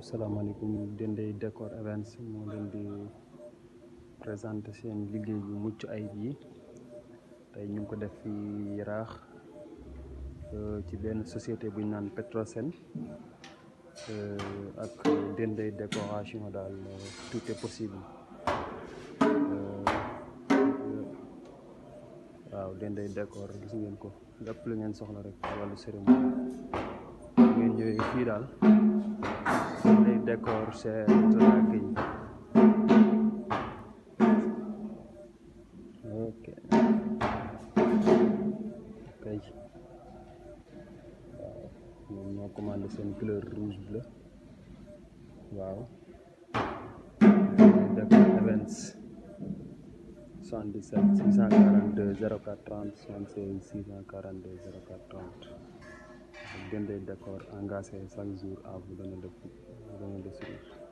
assalamualaikum dende decor Events mo len di présenter sen liguey bu muccu ay bi tay ñu ko def fi euh ci ben société bu ñaan petrosen euh ak dende décoration dal tout est possible euh, waaw den day décor gis ngeen ko lepp lu ngeen soxla rek walu cérémonie ngeen ñëwee fi dal все трекінь. oke Окей. waaw ñoom couleur rouge bleu waaw def events 77 642 04 76 642 04 30 engagé chaque jour à vous donner le City.